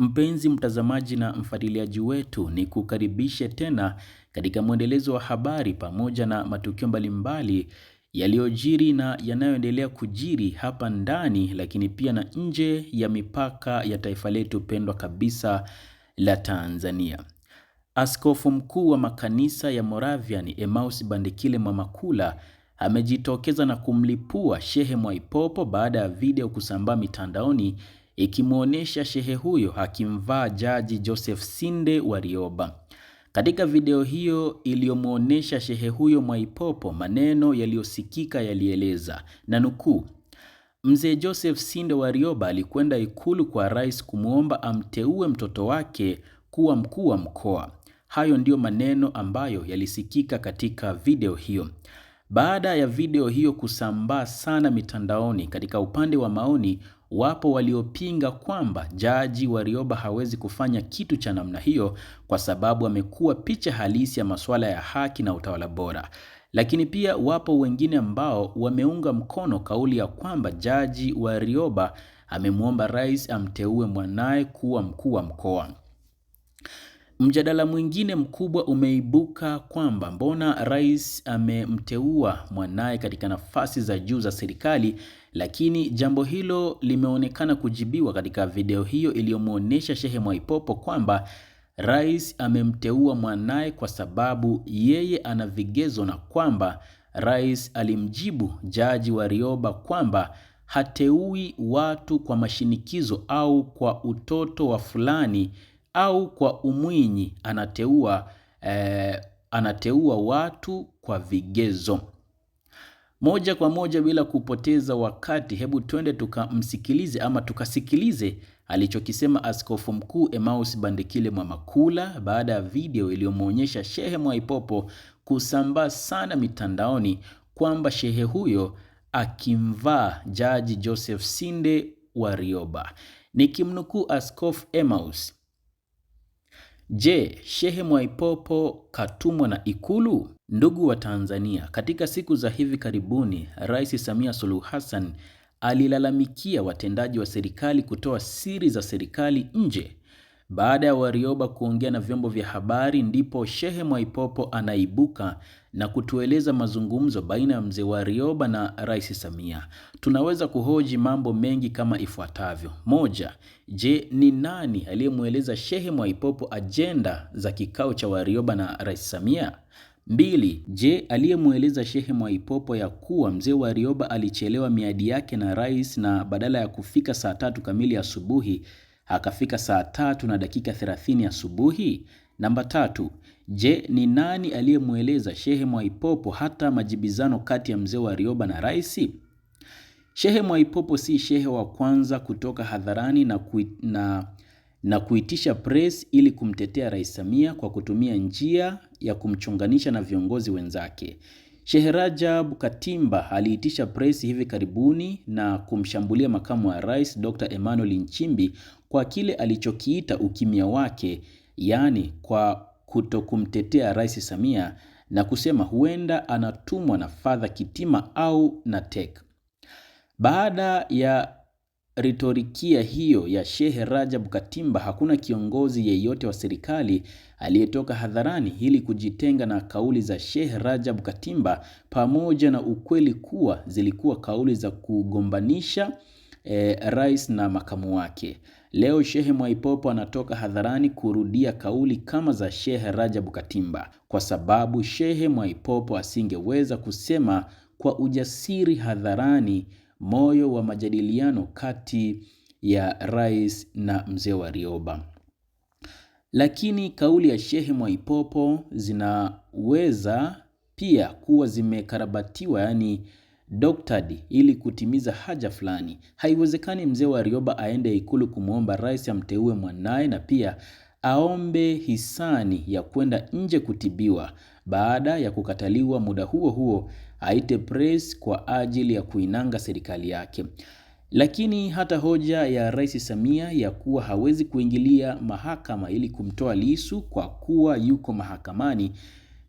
Mpenzi mtazamaji na mfuatiliaji wetu, ni kukaribishe tena katika mwendelezo wa habari pamoja na matukio mbalimbali yaliyojiri na yanayoendelea kujiri hapa ndani, lakini pia na nje ya mipaka ya taifa letu pendwa kabisa la Tanzania. Askofu mkuu wa makanisa ya Moravian Emmaus Bandikile Mwamakula amejitokeza na kumlipua Shehe Mwaipopo baada ya video kusambaa mitandaoni ikimwonyesha shehe huyo akimvaa Jaji Joseph Sinde Warioba. Katika video hiyo iliyomwonyesha shehe huyo Mwaipopo, maneno yaliyosikika yalieleza na nukuu, Mzee Joseph Sinde Warioba alikwenda Ikulu kwa rais kumwomba amteue mtoto wake kuwa mkuu wa mkoa. Hayo ndiyo maneno ambayo yalisikika katika video hiyo. Baada ya video hiyo kusambaa sana mitandaoni, katika upande wa maoni, wapo waliopinga kwamba Jaji Warioba hawezi kufanya kitu cha namna hiyo kwa sababu amekuwa picha halisi ya masuala ya haki na utawala bora. Lakini pia wapo wengine ambao wameunga mkono kauli ya kwamba Jaji Warioba amemwomba rais amteue mwanaye kuwa mkuu wa mkoa. Mjadala mwingine mkubwa umeibuka kwamba mbona rais amemteua mwanaye katika nafasi za juu za serikali, lakini jambo hilo limeonekana kujibiwa katika video hiyo iliyomwonyesha Shehe Mwaipopo kwamba rais amemteua mwanaye kwa sababu yeye ana vigezo na kwamba rais alimjibu Jaji Warioba kwamba hateui watu kwa mashinikizo au kwa utoto wa fulani au kwa umwinyi anateua, eh, anateua watu kwa vigezo moja kwa moja bila kupoteza wakati. Hebu twende tukamsikilize ama tukasikilize alichokisema Askofu Mkuu Emmaus Bandekile Mwamakula baada ya video iliyomwonyesha shehe Mwaipopo kusambaa sana mitandaoni kwamba shehe huyo akimvaa Jaji Joseph Sinde Warioba. Nikimnukuu Askofu Emmaus Je, Shehe Mwaipopo katumwa na Ikulu? Ndugu wa Tanzania, katika siku za hivi karibuni, Rais Samia Suluhu Hassan alilalamikia watendaji wa serikali kutoa siri za serikali nje baada ya Warioba kuongea na vyombo vya habari, ndipo Shehe Mwaipopo anaibuka na kutueleza mazungumzo baina ya mzee Warioba na Rais Samia. Tunaweza kuhoji mambo mengi kama ifuatavyo. Moja, je, ni nani aliyemweleza Shehe Mwaipopo ajenda za kikao cha Warioba na Rais Samia? Mbili, je, aliyemweleza Shehe Mwaipopo ya kuwa mzee Warioba alichelewa miadi yake na rais na badala ya kufika saa tatu kamili asubuhi akafika saa tatu na dakika 30 asubuhi? Namba tatu, je, ni nani aliyemweleza Shehe Mwaipopo hata majibizano kati ya mzee wa rioba na rais? Shehe Mwaipopo si shehe wa kwanza kutoka hadharani na, kui, na, na kuitisha press ili kumtetea Rais Samia kwa kutumia njia ya kumchunganisha na viongozi wenzake. Shehe Rajab Katimba aliitisha presi hivi karibuni na kumshambulia makamu wa rais Dr. Emmanuel Nchimbi kwa kile alichokiita ukimya wake, yaani kwa kutokumtetea Rais Samia na kusema huenda anatumwa na Fadha Kitima au na TEC. Baada ya retorikia hiyo ya Shehe Rajab Katimba hakuna kiongozi yeyote wa serikali aliyetoka hadharani ili kujitenga na kauli za Shehe Rajab Katimba, pamoja na ukweli kuwa zilikuwa kauli za kugombanisha e, rais na makamu wake. Leo Shehe Mwaipopo anatoka hadharani kurudia kauli kama za Shehe Rajab Katimba, kwa sababu Shehe Mwaipopo asingeweza kusema kwa ujasiri hadharani moyo wa majadiliano kati ya rais na mzee wa rioba Lakini kauli ya Shehe Mwaipopo zinaweza pia kuwa zimekarabatiwa, yaani doctored, ili kutimiza haja fulani. Haiwezekani mzee wa rioba aende Ikulu kumwomba rais amteue mwanaye na pia aombe hisani ya kwenda nje kutibiwa baada ya kukataliwa muda huo huo aite press kwa ajili ya kuinanga serikali yake. Lakini hata hoja ya Rais Samia ya kuwa hawezi kuingilia mahakama ili kumtoa Lissu kwa kuwa yuko mahakamani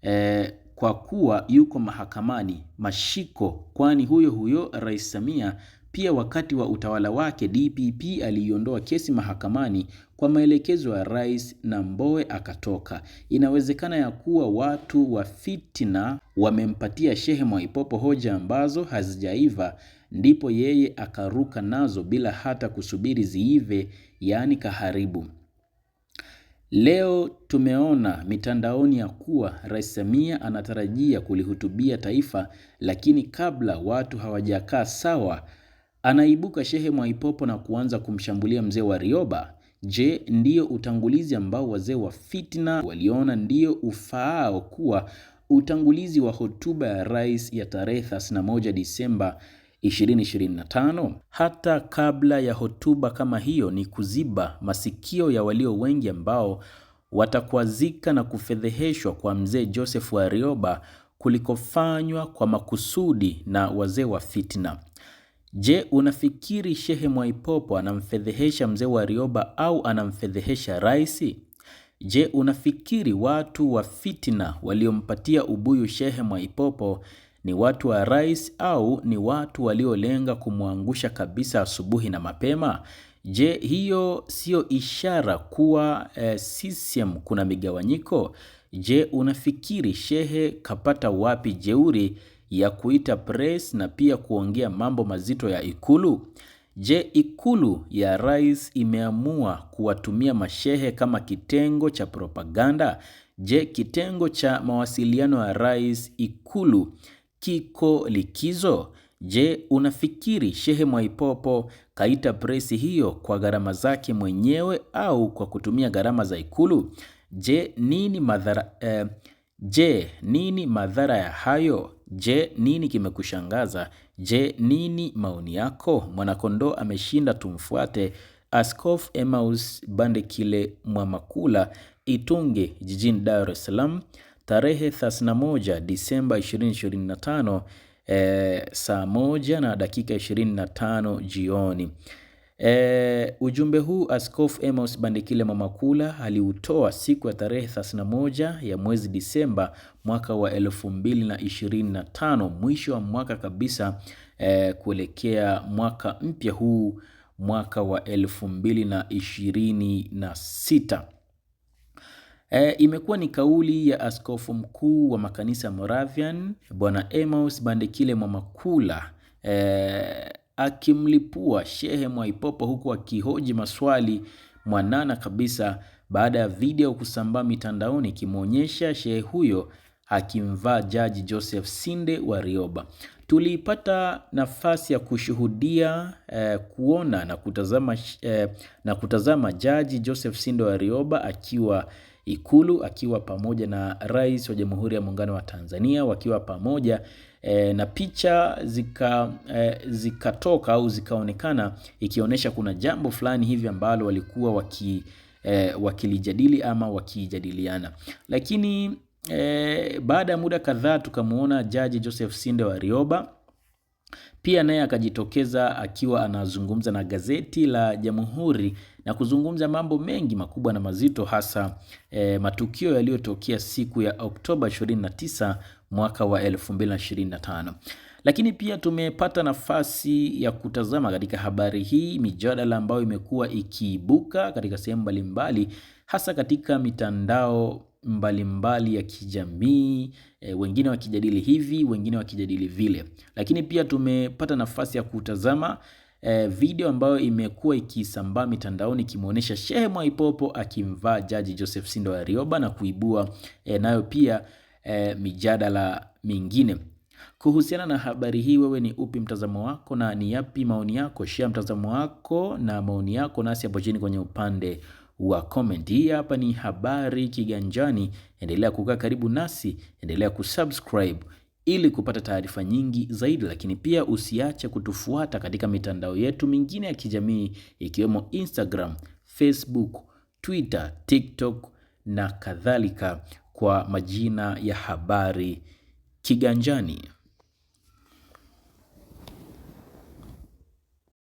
eh, kwa kuwa yuko mahakamani mashiko, kwani huyo huyo Rais Samia pia wakati wa utawala wake DPP aliiondoa kesi mahakamani kwa maelekezo ya rais na Mbowe akatoka. Inawezekana ya kuwa watu wa fitina Wamempatia Shehe Mwaipopo hoja ambazo hazijaiva, ndipo yeye akaruka nazo bila hata kusubiri ziive, yaani kaharibu. Leo tumeona mitandaoni ya kuwa Rais Samia anatarajia kulihutubia taifa, lakini kabla watu hawajakaa sawa, anaibuka Shehe Mwaipopo na kuanza kumshambulia mzee wa rioba Je, ndiyo utangulizi ambao wazee wa fitna waliona ndio ufaao kuwa Utangulizi wa hotuba ya rais ya tarehe 31 Disemba 2025. Hata kabla ya hotuba kama hiyo, ni kuziba masikio ya walio wengi ambao watakwazika na kufedheheshwa kwa mzee Joseph Warioba kulikofanywa kwa makusudi na wazee wa fitna. Je, unafikiri Shehe Mwaipopo anamfedhehesha mzee Warioba au anamfedhehesha rais? Je, unafikiri watu wa fitina waliompatia ubuyu Shehe Mwaipopo ni watu wa rais au ni watu waliolenga kumwangusha kabisa asubuhi na mapema? Je, hiyo siyo ishara kuwa eh, CCM kuna migawanyiko? Je, unafikiri Shehe kapata wapi jeuri ya kuita press na pia kuongea mambo mazito ya Ikulu? Je, ikulu ya rais imeamua kuwatumia mashehe kama kitengo cha propaganda? Je, kitengo cha mawasiliano ya rais ikulu kiko likizo? Je, unafikiri Shehe Mwaipopo kaita presi hiyo kwa gharama zake mwenyewe au kwa kutumia gharama za ikulu? Je, nini madhara eh, je, nini madhara ya hayo? Je, nini kimekushangaza? Je, nini maoni yako? Mwanakondoo ameshinda, tumfuate. Askofu Emmaus Bandekile Mwamakula Itunge jijini Dar es Salaam tarehe 31 Disemba 2025 eh, saa moja na dakika 25 jioni. E, ujumbe huu Askofu Emmaus Bandekile Mamakula aliutoa siku ya tarehe 31 ya mwezi Disemba mwaka wa 2025, mwisho wa mwaka kabisa e, kuelekea mwaka mpya huu mwaka wa 2026. E, eh, imekuwa ni kauli ya askofu mkuu wa makanisa Moravian Bwana Emmaus Bandekile Mamakula e, akimlipua Shehe Mwaipopo huku akihoji maswali mwanana kabisa baada ya video kusambaa mitandaoni ikimwonyesha shehe huyo akimvaa Jaji Joseph Sinde wa rioba Tulipata nafasi ya kushuhudia eh, kuona na kutazama, eh, na kutazama Jaji Joseph Sinde wa rioba akiwa Ikulu akiwa pamoja na Rais wa Jamhuri ya Muungano wa Tanzania wakiwa pamoja e, na picha zika e, zikatoka au zikaonekana ikionyesha kuna jambo fulani hivi ambalo walikuwa waki e, wakilijadili ama wakijadiliana, lakini e, baada ya muda kadhaa tukamwona Jaji Joseph Sinde wa rioba pia naye akajitokeza akiwa anazungumza na gazeti la Jamhuri na kuzungumza mambo mengi makubwa na mazito hasa e, matukio yaliyotokea siku ya Oktoba 29 mwaka wa 2025. Lakini pia tumepata nafasi ya kutazama katika habari hii mijadala ambayo imekuwa ikiibuka katika sehemu mbalimbali, hasa katika mitandao mbalimbali mbali ya kijamii e, wengine wakijadili hivi, wengine wakijadili vile. Lakini pia tumepata nafasi ya kutazama e, video ambayo imekuwa ikisambaa mitandaoni ikimwonyesha Shehe Mwaipopo akimvaa Jaji Joseph Sindo Warioba na kuibua e, nayo pia e, mijadala mingine. Kuhusiana na habari hii, wewe ni upi mtazamo wako na ni yapi maoni yako? Share mtazamo wako na maoni yako nasi hapo chini kwenye upande wa comment. Hii hapa ni Habari Kiganjani. Endelea kukaa karibu nasi, endelea kusubscribe ili kupata taarifa nyingi zaidi, lakini pia usiache kutufuata katika mitandao yetu mingine ya kijamii ikiwemo Instagram, Facebook, Twitter, TikTok na kadhalika kwa majina ya habari kiganjani.